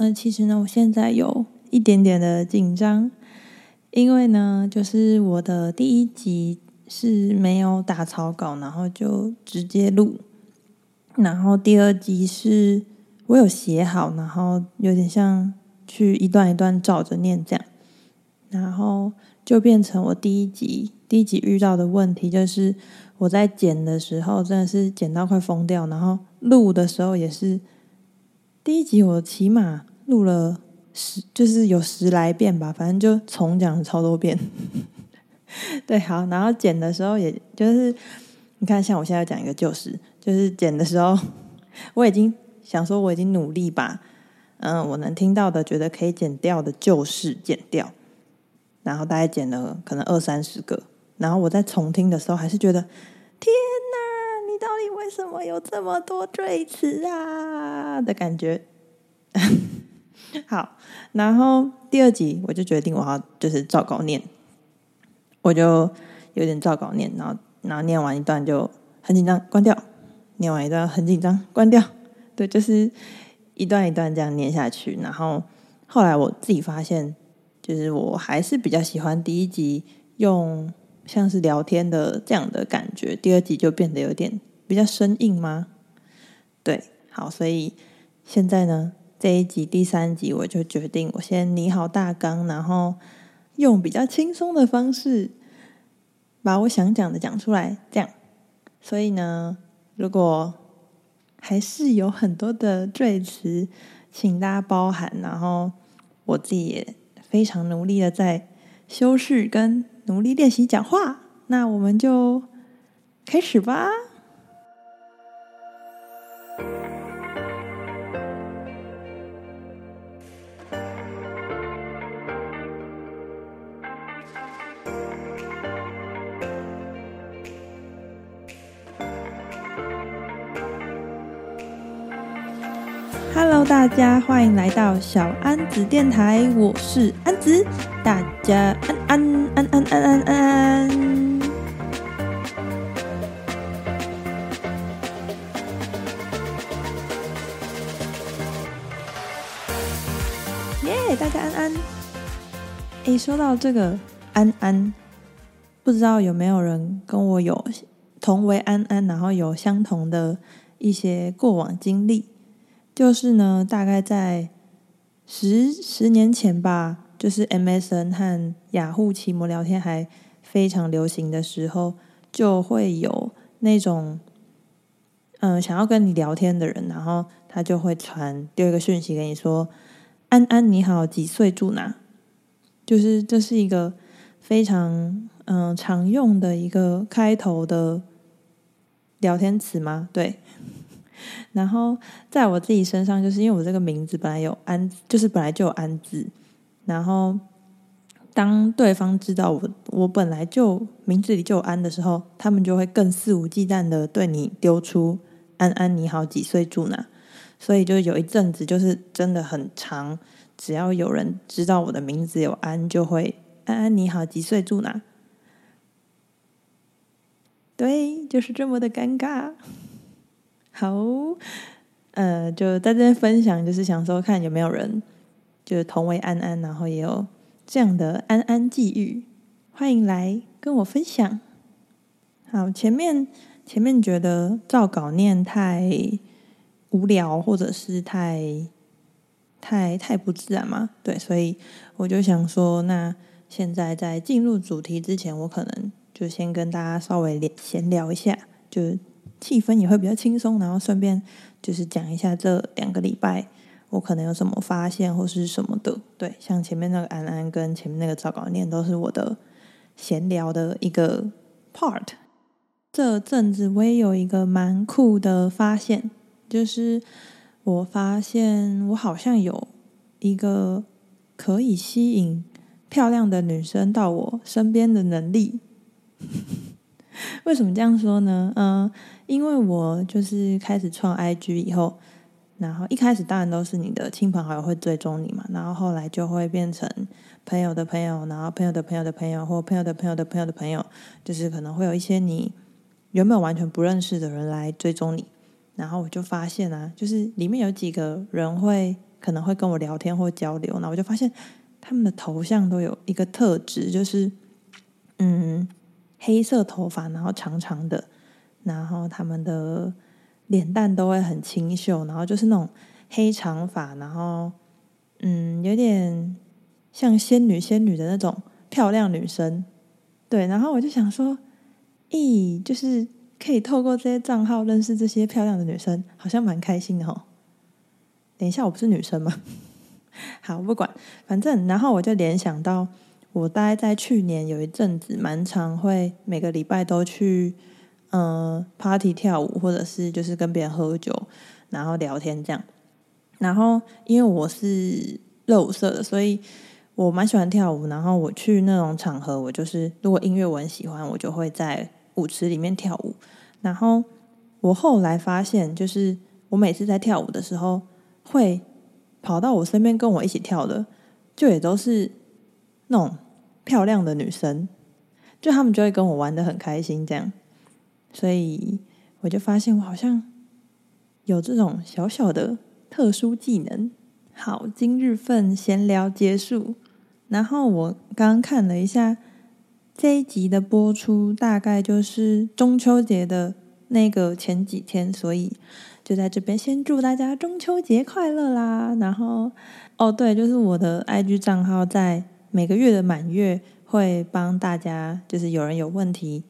嗯，其實呢，我現在有一點點的緊張，因為呢，就是我的第一集是沒有打草稿，然後就直接錄，然後第二集是我有寫好，然後有點像去一段一段照着念這樣，然後就變成我第一集第一集遇到的問題就是我在剪的時候真的是剪到快瘋掉，然後錄的時候也是第一集我起碼。錄了十，就是有十來遍吧，反正就重講了超多遍。 對，好，然後剪的時候，也就是你看，像我現在要講一個就是，就是剪的時候，我已經想說我已經努力把，嗯，我能聽到的，覺得可以剪掉的就是剪掉，然後大概剪了可能二三十個，然後我再重聽的時候，還是覺得天哪、啊，你到底為什麼有這麼多贅詞啊的感覺。 好，然後第二集我就決定我要就是照稿念，我就有點照稿念，然後然後念完一段就很緊張，關掉；念完一段很緊張，關掉。對，就是一段一段這樣念下去。然後後來我自己發現，就是我還是比較喜歡第一集用像是聊天的這樣的感覺，第二集就變得有點比較生硬嗎？對，好，所以現在呢。這一集第三集，我就決定我先擬好大綱，然後用比較輕鬆的方式把我想講的講出來。這樣，所以呢，如果還是有很多的贅詞，請大家包涵，然後我自己也非常努力的在修飾跟努力練習講話。那我們就開始吧。 大家歡迎來到小安子電台，我是安子。大家安安安安安安安安。耶！大家安安。一說到這個安安，不知道有沒有人跟我有同為安安，然後有相同的一些過往經歷？就是呢，大概在十十年前吧，就是 MSN 和雅虎、ah、奇摩聊天還非常流行的時候，就會有那種嗯、呃、想要跟你聊天的人，然後他就會傳丟一個訊息給你說：“安安你好，幾歲住哪？”就是這是一個非常嗯、呃、常用的一個開頭的聊天詞嘛？對。然後在我自己身上，就是因為我這個名字本來有安，就是本來就有安字。然後當對方知道我我本來就名字裡就有安的時候，他們就會更肆無忌憚地對你丟出“安安你好，幾歲住哪？”所以就有一陣子，就是真的很長。只要有人知道我的名字有安，就會“安安你好，幾歲住哪？”對，就是這麼的尷尬。好，呃，就在這分享，就是想說看有沒有人就是同為安安，然後也有這樣的安安際遇，歡迎來跟我分享。好，前面前面覺得照稿念太無聊，或者是太太太不自然嘛，對，所以我就想說，那現在在進入主題之前，我可能就先跟大家稍微聊閒聊一下，就。氣氛也會比較輕鬆，然後順便就是講一下這兩個禮拜我可能有什麼發現或是什麼的。對，像前面那個安安跟前面那個丟稿念，都是我的閒聊的一個 part。這陣子我也有一個蠻酷的發現，就是我發現我好像有一個可以吸引漂亮的女生到我身邊的能力。為什麼這樣說呢？嗯、呃。因為我就是開始創 IG 以後，然後一開始當然都是你的親朋好友會追蹤你嘛，然後後來就會變成朋友的朋友，然後朋友的朋友的朋友或朋友的朋友的朋友的朋友，就是可能會有一些你原本完全不認識的人來追蹤你，然後我就發現啊，就是裡面有幾個人會可能會跟我聊天或交流，那我就發現他們的頭像都有一個特質，就是嗯黑色頭髮，然後長長的。然後他們的臉蛋都會很清秀，然後就是那種黑長髮，然後嗯，有點像仙女仙女的那種漂亮女生。對，然後我就想說，咦，就是可以透過這些賬號認識這些漂亮的女生，好像蠻開心的哦。等一下，我不是女生嗎？好，不管，反正，然後我就聯想到，我大概在去年有一陣子蠻常，會每個禮拜都去。嗯，呃，party 跳舞或者是就是跟別人喝酒，然後聊天這樣。然後因為我是熱舞社的，所以我蠻喜歡跳舞。然後我去那種場合，我就是如果音樂我很喜歡，我就會在舞池裡面跳舞。然後我後來發現，就是我每次在跳舞的時候，會跑到我身邊跟我一起跳的，就也都是那種漂亮的女生，就他們就會跟我玩得很開心這樣。所以我就發現我好像有這種小小的特殊技能。好，今日份閒聊結束。然後我剛看了一下這一集的播出，大概就是中秋節的那個前幾天，所以就在這邊先祝大家中秋節快樂啦！然後哦，對，就是我的 IG 賬號在每個月的滿月會幫大家，就是有人有問題。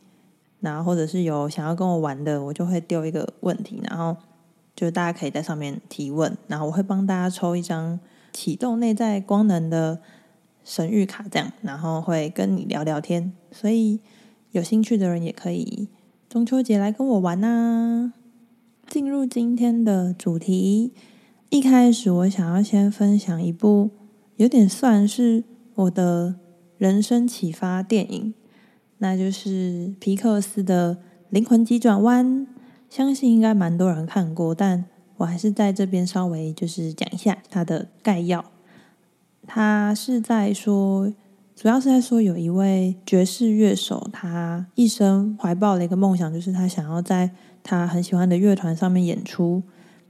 然後，或者是有想要跟我玩的，我就會丟一個問題，然後就大家可以在上面提問，然後我會幫大家抽一張啟動內在光能的神諭卡，這樣，然後會跟你聊聊天。所以有興趣的人也可以中秋節來跟我玩吶、啊。進入今天的主題，一開始我想要先分享一部有點算是我的人生啟發電影。那就是皮克斯的《靈魂急轉彎》，相信應該蠻多人看過，但我還是在這邊稍微就是講一下它的概要。他是在說，主要是在說有一位爵士樂手，他一生懷抱了一個夢想，就是他想要在他很喜歡的樂團上面演出，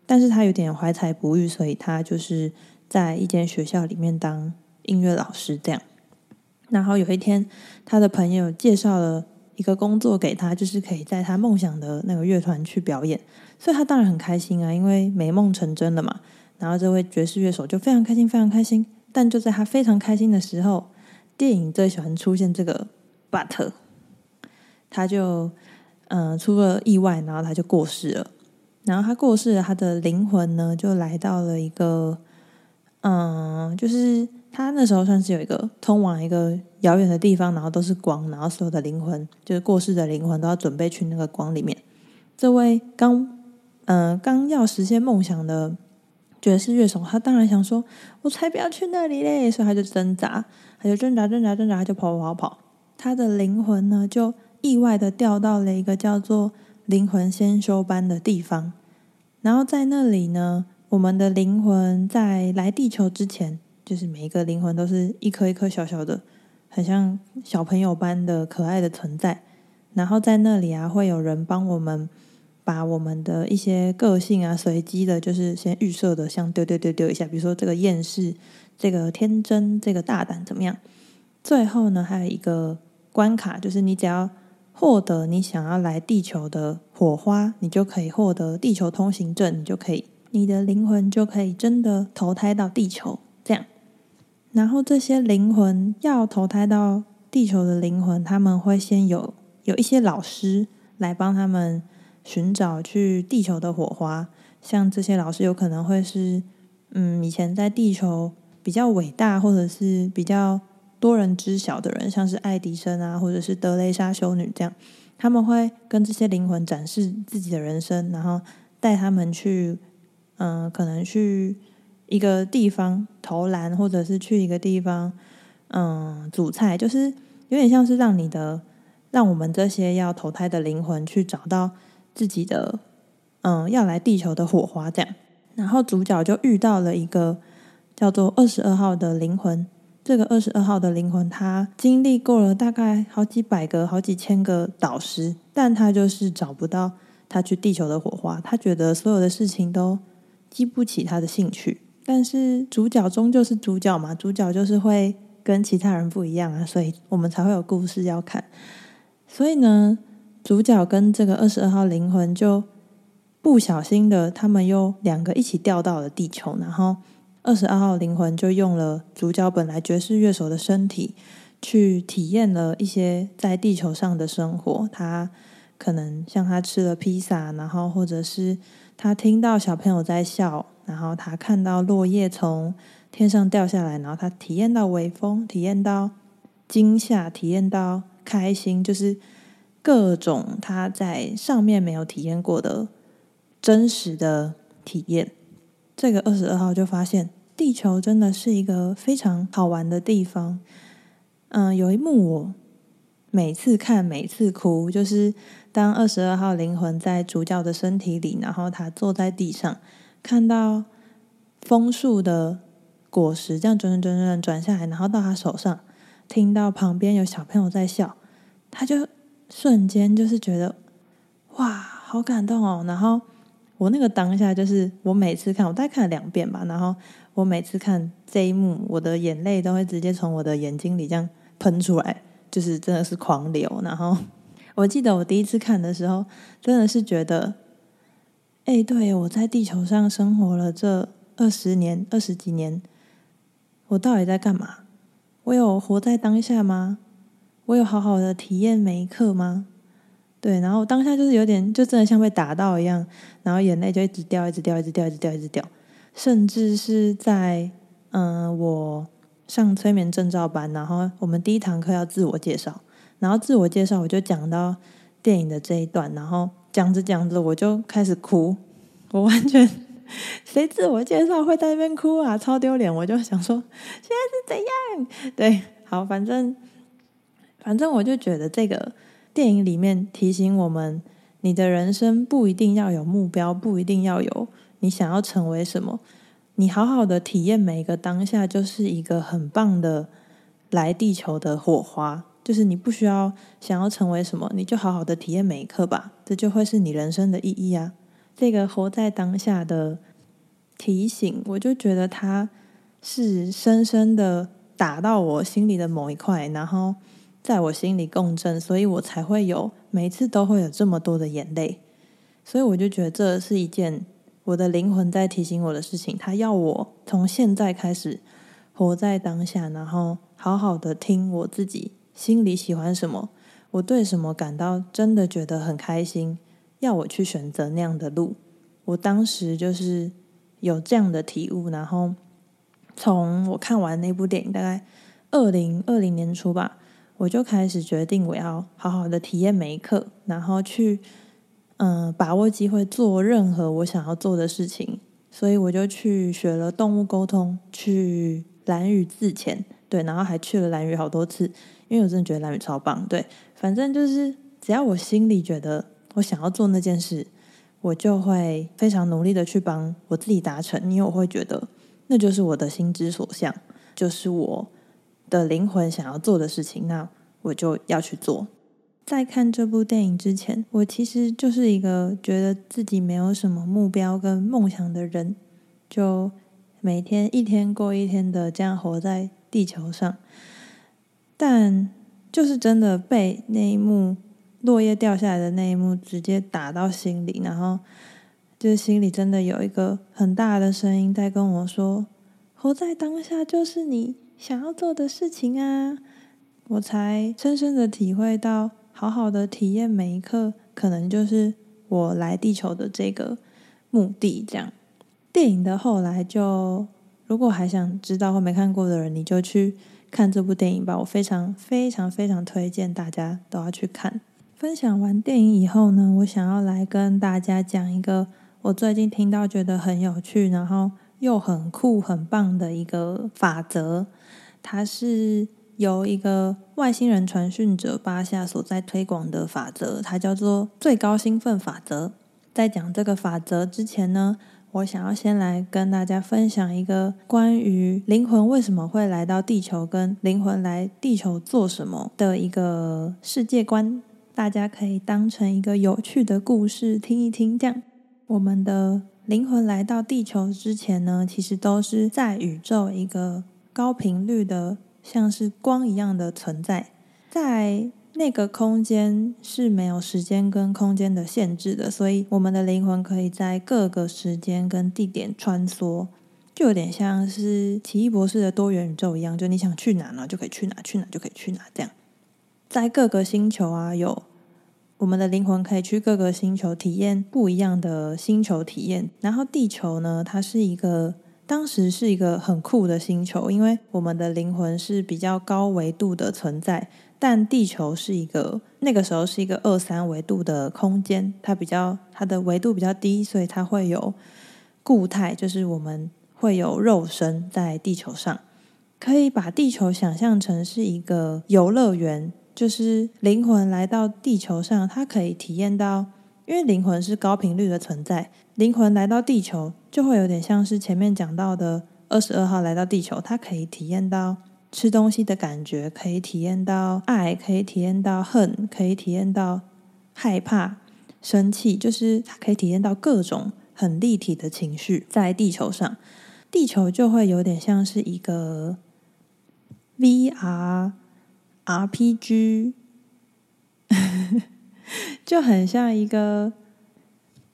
但是他有點懷才不遇，所以他就是在一間學校裡面當音樂老師，這樣。然後有一天，他的朋友介紹了一個工作給他，就是可以在他夢想的那個樂團去表演，所以他當然很開心啊，因為美夢成真了嘛。然後這位爵士樂手就非常開心，非常開心。但就在他非常開心的時候，電影最喜歡出現這個 but，他就嗯、呃、出了意外，然後他就過世了。然後他過世了，他的靈魂呢就來到了一個嗯、呃，就是。他那時候算是有一個通往一個遙遠的地方，然後都是光，然後所有的靈魂就是過世的靈魂都要準備去那個光裡面。這位剛嗯、呃、剛要實現夢想的爵士樂手，他當然想說：“我才不要去那裡嘞！”所以他就掙扎，他就掙扎掙扎掙扎，他就跑跑跑。他的靈魂呢，就意外的掉到了一個叫做“靈魂先修班”的地方。然後在那裡呢，我們的靈魂在來地球之前。就是每一個靈魂都是一顆一顆小小的，很像小朋友般的可愛的存在。然後在那裡啊，會有人幫我們把我們的一些個性啊，隨機的，就是先預設的，像丟丟丟丟一下，比如說這個厭世、這個天真、這個大膽怎麼樣？最後呢，還有一個關卡，就是你只要獲得你想要來地球的火花，你就可以獲得地球通行證，你就可以，你的靈魂就可以真的投胎到地球。然後這些靈魂要投胎到地球的靈魂，他們會先有有一些老師來幫他們尋找去地球的火花。像這些老師有可能會是，嗯，以前在地球比較偉大或者是比較多人知曉的人，像是愛迪生啊，或者是德雷莎修女這樣。他們會跟這些靈魂展示自己的人生，然後帶他們去，嗯、呃，可能去。一個地方投籃，或者是去一個地方，嗯，煮菜，就是有點像是讓你的，讓我們這些要投胎的靈魂去找到自己的，嗯，要來地球的火花這樣。然後主角就遇到了一個叫做二十二號的靈魂。這個二十二號的靈魂，他經歷過了大概好幾百個、好幾千個導師，但他就是找不到他去地球的火花。他覺得所有的事情都激不起他的興趣。但是主角終究是主角嘛，主角就是會跟其他人不一樣啊，所以我們才會有故事要看。所以呢，主角跟這個二十二號靈魂就不小心的，他們又兩個一起掉到了地球，然後二十二號靈魂就用了主角本來爵士樂手的身體去體驗了一些在地球上的生活。他可能像他吃了披薩，然後或者是他聽到小朋友在笑。然後他看到落葉從天上掉下來，然後他體驗到微風，體驗到驚嚇，體驗到開心，就是各種他在上面沒有體驗過的真實的體驗。這個二十二號就發現，地球真的是一個非常好玩的地方。嗯，有一幕我每次看每次哭，就是當二十二號靈魂在主角的身體裡，然後他坐在地上。看到楓樹的果實這樣轉轉轉轉轉下來，然後到他手上，聽到旁邊有小朋友在笑，他就瞬間就是覺得哇，好感動哦！然後我那個當下就是，我每次看，我大概看了兩遍吧，然後我每次看這一幕，我的眼淚都會直接從我的眼睛裡這樣噴出來，就是真的是狂流。然後我記得我第一次看的時候，真的是覺得。哎、欸，對，我在地球上生活了這二十年二十幾年，我到底在幹嘛？我有活在當下嗎？我有好好的體驗每一刻嗎？對，然後當下就是有點，就真的像被打到一樣，然後眼淚就一直掉，一直掉，一直掉，一直掉，一直掉。甚至是在嗯、呃，我上催眠證照班，然後我們第一堂課要自我介紹，然後自我介紹我就講到電影的這一段，然後。講着講着，我就開始哭，我完全誰自我介紹會在那邊哭啊，超丟臉！我就想說，現在是怎樣？對，好，反正反正我就覺得這個電影裡面提醒我們，你的人生不一定要有目標，不一定要有你想要成為什麼，你好好的體驗每一個當下，就是一個很棒的來地球的火花。就是你不需要想要成為什麼，你就好好的體驗每一刻吧，這就會是你人生的意義啊！這個活在當下的提醒，我就覺得它是深深的打到我心裡的某一塊，然後在我心裡共振，所以我才會有每次都會有這麼多的眼淚。所以我就覺得這是一件我的靈魂在提醒我的事情，它要我從現在開始活在當下，然後好好的聽我自己。心裡喜歡什麼，我對什麼感到真的覺得很開心，要我去選擇那樣的路。我當時就是有這樣的體悟，然後從我看完那部電影，大概二零二零年初吧，我就開始決定我要好好的體驗每一刻，然後去嗯、呃、把握機會做任何我想要做的事情。所以我就去學了動物溝通，去蘭嶼自潛，對，然後還去了蘭嶼好多次。因為我真的覺得藍宇超棒，對，反正就是只要我心裡覺得我想要做那件事，我就會非常努力的去幫我自己達成，因為我會覺得那就是我的心之所向，就是我的靈魂想要做的事情，那我就要去做。在看這部電影之前，我其實就是一個覺得自己沒有什麼目標跟夢想的人，就每天一天過一天的這樣活在地球上。但就是真的被那一幕落葉掉下來的那一幕直接打到心裡，然後就是心裡真的有一個很大的聲音在跟我說：“活在當下就是你想要做的事情啊！”我才深深的體會到，好好的體驗每一刻，可能就是我來地球的這個目的，這樣。電影的後來就，就如果還想知道或沒看過的人，你就去。看這部電影吧，我非常非常非常推薦大家都要去看。分享完電影以後呢，我想要來跟大家講一個我最近聽到覺得很有趣，然後又很酷很棒的一個法則。它是由一個外星人傳訊者巴夏所在推廣的法則，它叫做最高興奮法則。在講這個法則之前呢，我想要先來跟大家分享一個關於靈魂為什麼會來到地球，跟靈魂來地球做什麼的一個世界觀，大家可以當成一個有趣的故事聽一聽。這樣，我們的靈魂來到地球之前呢，其實都是在宇宙一個高頻率的，像是光一樣的存在，在。那個空間是沒有時間跟空間的限制的，所以我們的靈魂可以在各個時間跟地點穿梭，就有點像是奇異博士的多元宇宙一樣，就你想去哪呢就可以去哪，去哪就可以去哪這樣，在各個星球啊，有我們的靈魂可以去各個星球體驗不一樣的星球體驗。然後地球呢，它是一個當時是一個很酷的星球，因為我們的靈魂是比較高維度的存在。但地球是一個，那個時候是一個二三維度的空間，它比較它的維度比較低，所以它會有固態，就是我們會有肉身在地球上。可以把地球想象成是一個遊樂園，就是靈魂來到地球上，它可以體驗到，因為靈魂是高頻率的存在，靈魂來到地球就會有點像是前面講到的二十二號來到地球，它可以體驗到吃東西的感覺，可以體驗到愛，可以體驗到恨，可以體驗到害怕、生氣，就是可以體驗到各種很立體的情緒。在地球上，地球就會有點像是一個 VR RPG， 就很像一個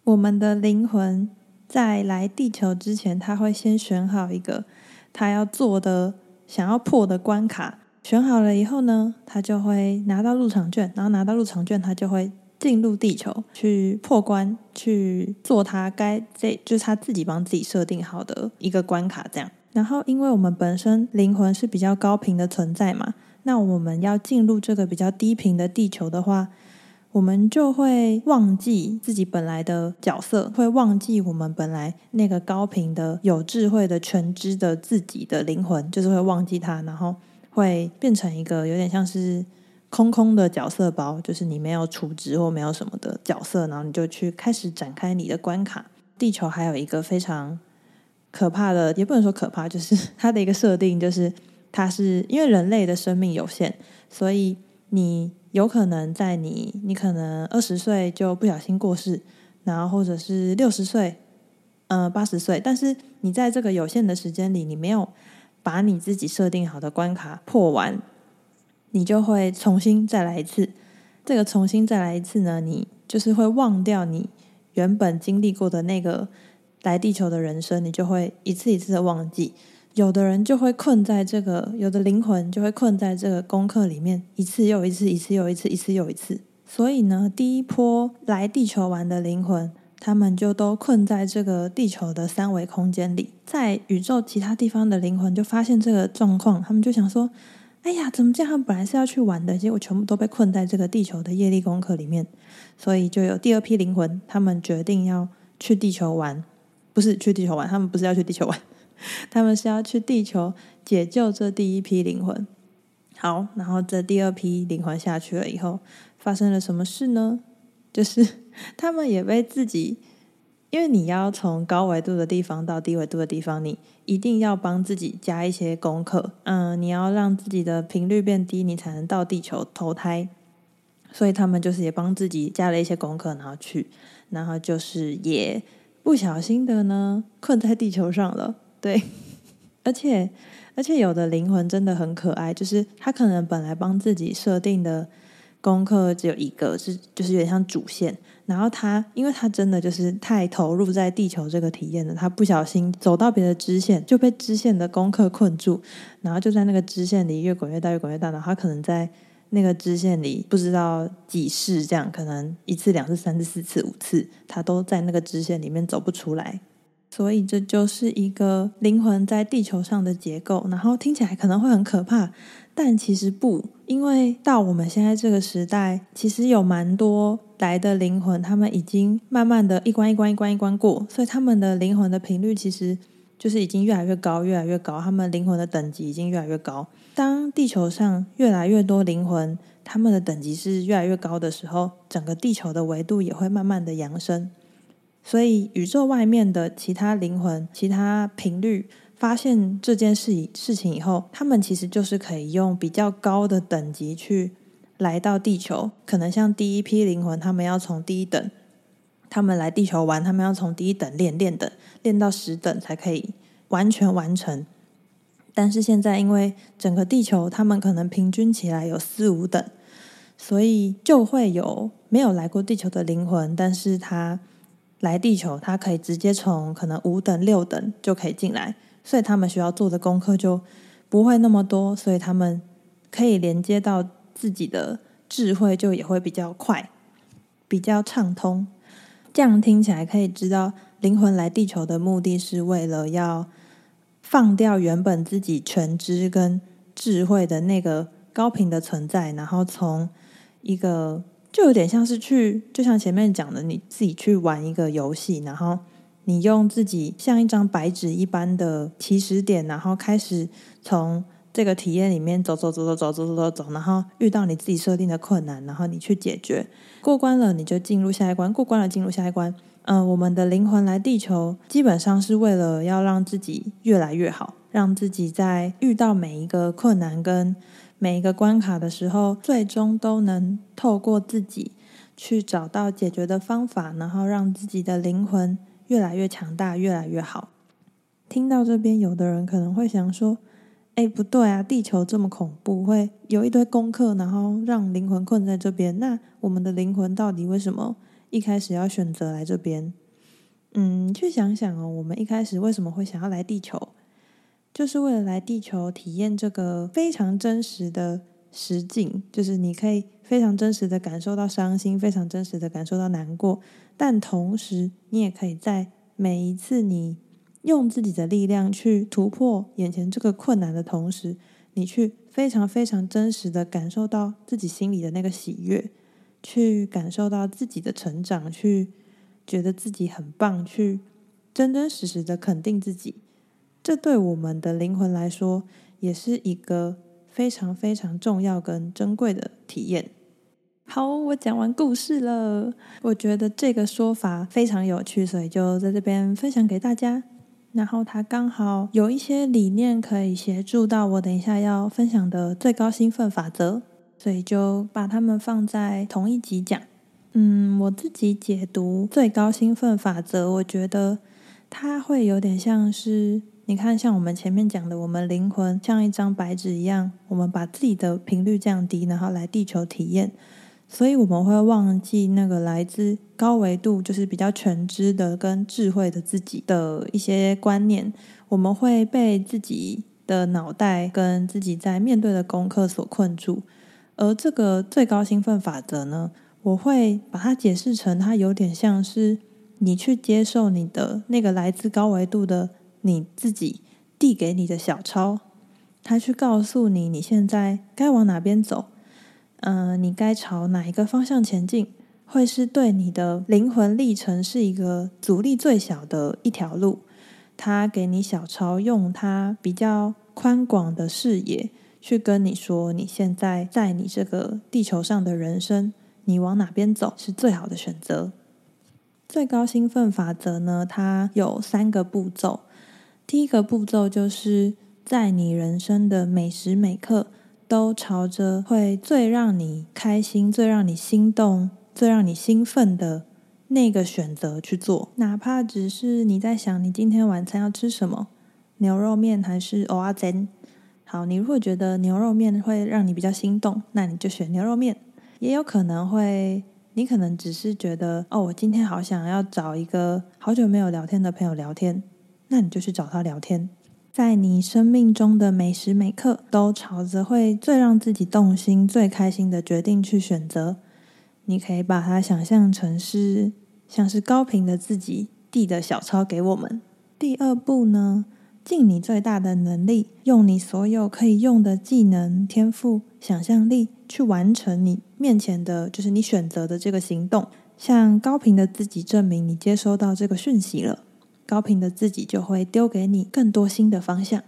我們的靈魂在來地球之前，他會先選好一個他要做的。想要破的關卡，選好了以後呢，他就會拿到入場券，然後拿到入場券，他就會進入地球去破關，去做他該，這就是他自己幫自己設定好的一個關卡這樣。然後，因為我們本身靈魂是比較高頻的存在嘛，那我們要進入這個比較低頻的地球的話。我們就會忘記自己本來的角色，會忘記我們本來那個高頻的、有智慧的、全知的自己的靈魂，就是會忘記它，然後會變成一個有點像是空空的角色包，就是你沒有儲值或沒有什麼的角色，然後你就去開始展開你的關卡。地球還有一個非常可怕的，也不能說可怕，就是它的一個設定，就是它是因為人類的生命有限，所以你。有可能在你，你可能二十歲就不小心過世，然後或者是六十歲，嗯、呃，八十歲，但是你在這個有限的時間裡，你沒有把你自己設定好的關卡破完，你就會重新再來一次。這個重新再來一次呢，你就是會忘掉你原本經歷過的那個來地球的人生，你就會一次一次的忘記。有的人就會困在這個，有的靈魂就會困在這個功課裡面，一次又一次，一次又一次，一次又一次。所以呢，第一波來地球玩的靈魂，他們就都困在這個地球的三維空間裡。在宇宙其他地方的靈魂就發現這個狀況，他們就想說：“哎呀，怎麼這樣？本來是要去玩的，結果全部都被困在這個地球的業力功課裡面。”所以就有第二批靈魂，他們決定要去地球玩，不是去地球玩，他們不是要去地球玩。他們是要去地球解救這第一批靈魂。好，然後這第二批靈魂下去了以後，發生了什麼事呢？就是他們也被自己，因為你要從高維度的地方到低維度的地方，你一定要幫自己加一些功課。嗯，你要讓自己的頻率變低，你才能到地球投胎。所以他們就是也幫自己加了一些功課，然後去，然後就是也不小心的呢，困在地球上了。對，而且而且有的靈魂真的很可愛，就是他可能本來幫自己設定的功課只有一個，就是就是有點像主線。然後他，因為他真的就是太投入在地球這個體驗了，他不小心走到別的支線，就被支線的功課困住，然後就在那個支線裡越滾越大，越滾越大。然後他可能在那個支線裡不知道幾世這樣，可能一次、兩次、三次、四次、五次，他都在那個支線裡面走不出來。所以這就是一個靈魂在地球上的結構，然後聽起來可能會很可怕，但其實不，因為到我們現在這個時代，其實有蠻多來的靈魂，他們已經慢慢的一關一關一關一關過，所以他們的靈魂的頻率其實就是已經越來越高，越來越高，他們靈魂的等級已經越來越高。當地球上越來越多靈魂，他們的等級是越來越高的時候，整個地球的維度也會慢慢的揚升。所以，宇宙外面的其他靈魂、其他頻率發現這件事事情以後，他們其實就是可以用比較高的等級去來到地球。可能像第一批靈魂，他們要從第一等，他們來地球玩，他們要從第一等練練等，練到十等才可以完全完成。但是現在，因為整個地球他們可能平均起來有四五等，所以就會有沒有來過地球的靈魂，但是他來地球，他可以直接從可能五等六等就可以進來，所以他們需要做的功課就不會那麼多，所以他們可以連接到自己的智慧，就也會比較快，比較暢通。這樣聽起來可以知道，靈魂來地球的目的是為了要放掉原本自己全知跟智慧的那個高頻的存在，然後從一個。就有點像是去，就像前面講的，你自己去玩一個遊戲，然後你用自己像一張白紙一般的起始點，然後開始從這個體驗裡面走走走走走走走走，然後遇到你自己設定的困難，然後你去解決，過關了你就進入下一關，過關了進入下一關。嗯、呃，我們的靈魂來地球，基本上是為了要讓自己越來越好，讓自己在遇到每一個困難跟。每一個關卡的時候，最終都能透過自己去找到解決的方法，然後讓自己的靈魂越來越強大，越來越好。聽到這邊，有的人可能會想說：“哎，不對啊，地球這麼恐怖，會有一堆功課，然後讓靈魂困在這邊。那我們的靈魂到底為什麼一開始要選擇來這邊？”嗯，去想想哦，我們一開始為什麼會想要來地球？就是為了來地球體驗這個非常真實的實景，就是你可以非常真實的感受到傷心，非常真實的感受到難過，但同時你也可以在每一次你用自己的力量去突破眼前這個困難的同時，你去非常非常真實的感受到自己心裡的那個喜悅，去感受到自己的成長，去覺得自己很棒，去真真實實的肯定自己。這對我們的靈魂來說，也是一個非常非常重要跟珍貴的體驗。好，我講完故事了。我覺得這個說法非常有趣，所以就在這邊分享給大家。然後它剛好有一些理念可以協助到我等一下要分享的最高興奮法則，所以就把它們放在同一集講。嗯，我自己解讀最高興奮法則，我覺得它會有點像是。你看，像我們前面講的，我們靈魂像一張白紙一樣，我們把自己的頻率降低，然後來地球體驗，所以我們會忘記那個來自高維度，就是比較全知的跟智慧的自己的一些觀念。我們會被自己的腦袋跟自己在面對的功課所困住，而這個最高興奮法則呢，我會把它解釋成，它有點像是你去接受你的那個來自高維度的。你自己遞給你的小抄，他去告訴你你現在該往哪邊走，嗯、呃，你該朝哪一個方向前進，會是對你的靈魂歷程是一個阻力最小的一條路。他給你小抄，用他比較寬廣的視野去跟你說，你現在在你這個地球上的人生，你往哪邊走是最好的選擇。最高興奮法則呢，它有三個步驟。第一個步驟就是，在你人生的每時每刻，都朝着會最讓你開心、最讓你心動、最讓你興奮的那個選擇去做。哪怕只是你在想，你今天晚餐要吃什麼，牛肉麵還是蚵仔煎？好，你如果覺得牛肉麵會讓你比較心動，那你就選牛肉麵。也有可能會，你可能只是覺得，哦，我今天好想要找一個好久沒有聊天的朋友聊天。那你就去找他聊天，在你生命中的每時每刻，都朝着會最讓自己動心、最開心的決定去選擇。你可以把它想象成是像是高頻的自己遞的小抄給我們。第二步呢，盡你最大的能力，用你所有可以用的技能、天賦、想象力去完成你面前的，就是你選擇的這個行動，向高頻的自己證明你接收到這個訊息了。高頻的自己就會丟給你更多新的方向。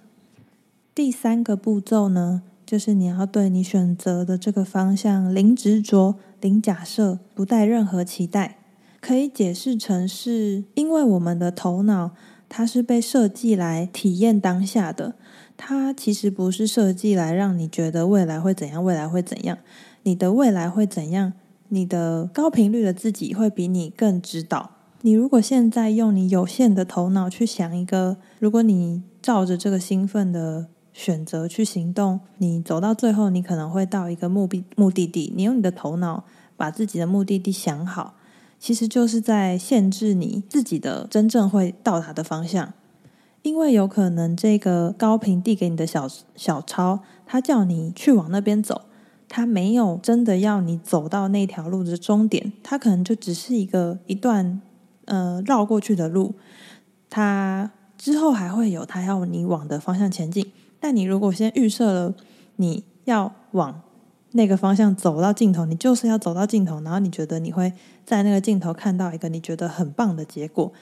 第三個步驟呢，就是你要對你選擇的這個方向零執着、零假設，不帶任何期待。可以解釋成是因為我們的頭腦它是被設計來體驗當下的，它其實不是設計來讓你覺得未來會怎樣，未來會怎樣，你的未來會怎樣，你的高頻率的自己會比你更知道。你如果現在用你有限的頭腦去想一個，如果你照着這個興奮的選擇去行動，你走到最後，你可能會到一個目目的地。你用你的頭腦把自己的目的地想好，其實就是在限制你自己的真正會到達的方向，因為有可能這個高頻遞給你的小小抄，他叫你去往那邊走，他沒有真的要你走到那條路的終點，他可能就只是一個一段。呃、嗯，繞過去的路，他之後還會有，他要你往的方向前進。但你如果先預設了，你要往那個方向走到盡頭，你就是要走到盡頭，然後你覺得你會在那個盡頭看到一個你覺得很棒的結果。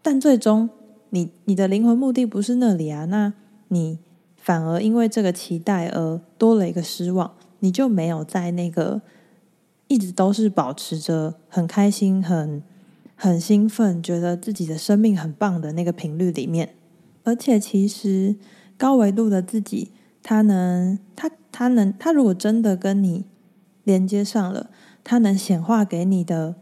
但最終你，你，你的靈魂目的不是那裡啊，那你反而因為這個期待而多了一個失望，你就沒有在那個一直都是保持着很開心很。很興奮，覺得自己的生命很棒的那個頻率裡面，而且其實高維度的自己，他能，他他能，他如果真的跟你連接上了，他能顯化給你的，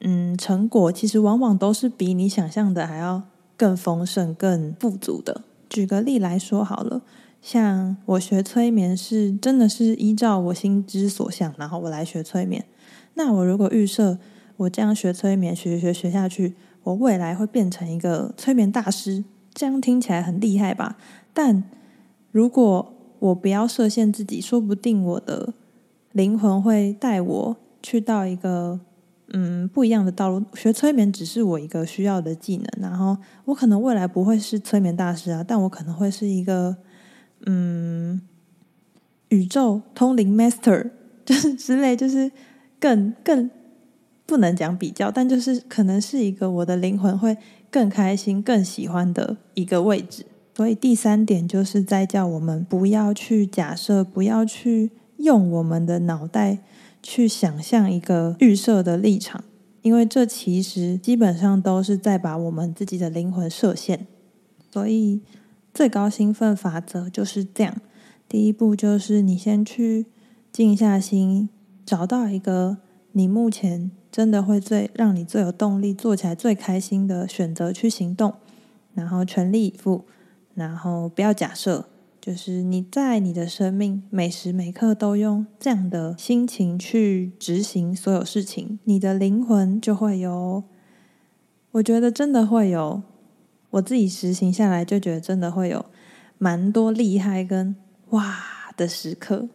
嗯，成果其實往往都是比你想象的還要更豐盛、更富足的。舉個例來說好了，像我學催眠是真的是依照我心之所向，然後我來學催眠，那我如果預設。我這樣學催眠，學學學下去，我未來會變成一個催眠大師，這樣聽起來很厲害吧？但如果我不要設限自己，說不定我的靈魂會帶我去到一個嗯，不一樣的道路。學催眠只是我一個需要的技能，然後我可能未來不會是催眠大師啊，但我可能會是一個嗯，宇宙通靈 master，就是之類，就是更更。不能講比較，但就是可能是一個我的靈魂會更開心、更喜歡的一個位置。所以第三點就是在叫我們不要去假設，不要去用我們的腦袋去想象一個預設的立場，因為這其實基本上都是在把我們自己的靈魂設限。所以最高興奮法則就是這樣：第一步就是你先去靜下心，找到一個你目前。真的會最讓你最有動力、做起來最開心的選擇去行動，然後全力以赴，然後不要假設，就是你在你的生命每時每刻都用這樣的心情去執行所有事情，你的靈魂就會有，我覺得真的會有，我自己實行下來就覺得真的會有蠻多厲害跟哇的時刻，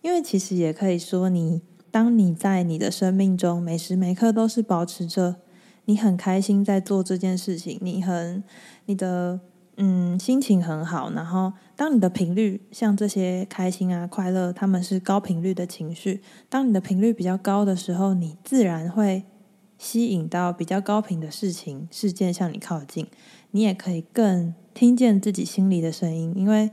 因為其實也可以說你。當你在你的生命中每時每刻都是保持着你很開心在做這件事情，你很你的嗯心情很好。然後，當你的頻率像這些開心啊、快樂，他們是高頻率的情緒。當你的頻率比較高的時候，你自然會吸引到比較高頻的事情、事件向你靠近。你也可以更聽見自己心裡的聲音，因為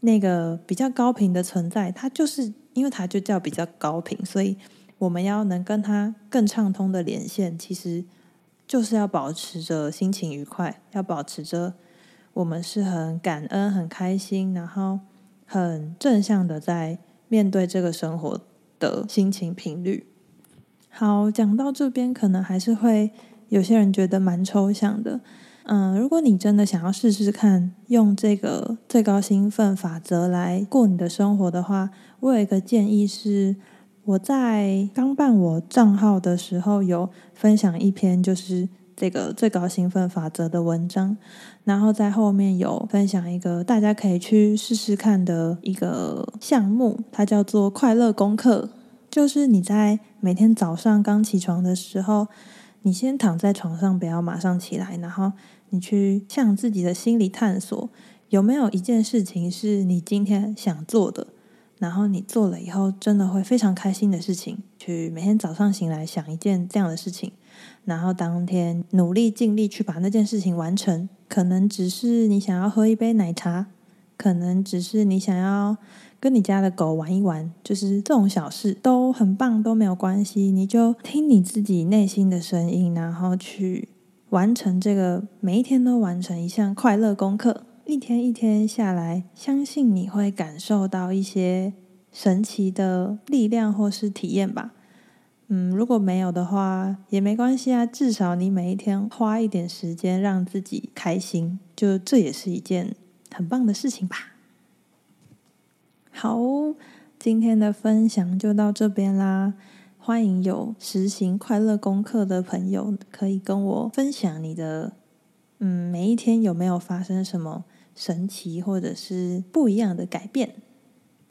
那個比較高頻的存在，它就是。因為它就叫比較高頻，所以我們要能跟他更暢通的連線，其實就是要保持着心情愉快，要保持着我們是很感恩、很開心，然後很正向的在面對這個生活的心情頻率。好，講到這邊，可能還是會有些人覺得蠻抽象的。嗯，如果你真的想要試試看用這個最高興奮法則來過你的生活的話，我有一個建議是，我在剛辦我賬號的時候有分享一篇就是這個最高興奮法則的文章，然後在後面有分享一個大家可以去試試看的一個項目，它叫做快樂功課，就是你在每天早上剛起床的時候，你先躺在床上，不要馬上起來，然後你去向自己的心裡探索，有沒有一件事情是你今天想做的，然後你做了以後真的會非常開心的事情。去每天早上醒來想一件這樣的事情，然後當天努力盡力去把那件事情完成。可能只是你想要喝一杯奶茶，可能只是你想要跟你家的狗玩一玩，就是這種小事都很棒，都沒有關係。你就聽你自己內心的聲音，然後去完成這個每一天都完成一項快樂功課。一天一天下來，相信你會感受到一些神奇的力量或是體驗吧。嗯，如果沒有的話也沒關係啊，至少你每一天花一點時間讓自己開心，就這也是一件很棒的事情吧。好，今天的分享就到這邊啦。歡迎有實行快樂功課的朋友，可以跟我分享你的，嗯，每一天有沒有發生什麼神奇或者是不一樣的改變？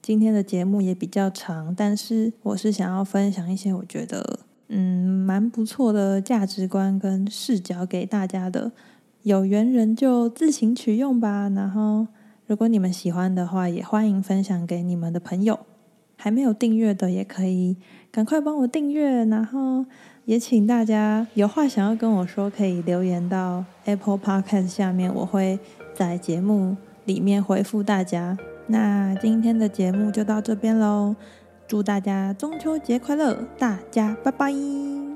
今天的節目也比較長，但是我是想要分享一些我覺得，嗯，蠻不錯的價值觀跟視角給大家的，有緣人就自行取用吧。然後。如果你們喜歡的話，也歡迎分享給你們的朋友。還沒有訂閱的，也可以趕快幫我訂閱。然後也請大家有話想要跟我說，可以留言到 Apple Podcast 下面，我會在節目裡面回復大家。那今天的節目就到這邊嘍，祝大家中秋節快樂！大家拜拜。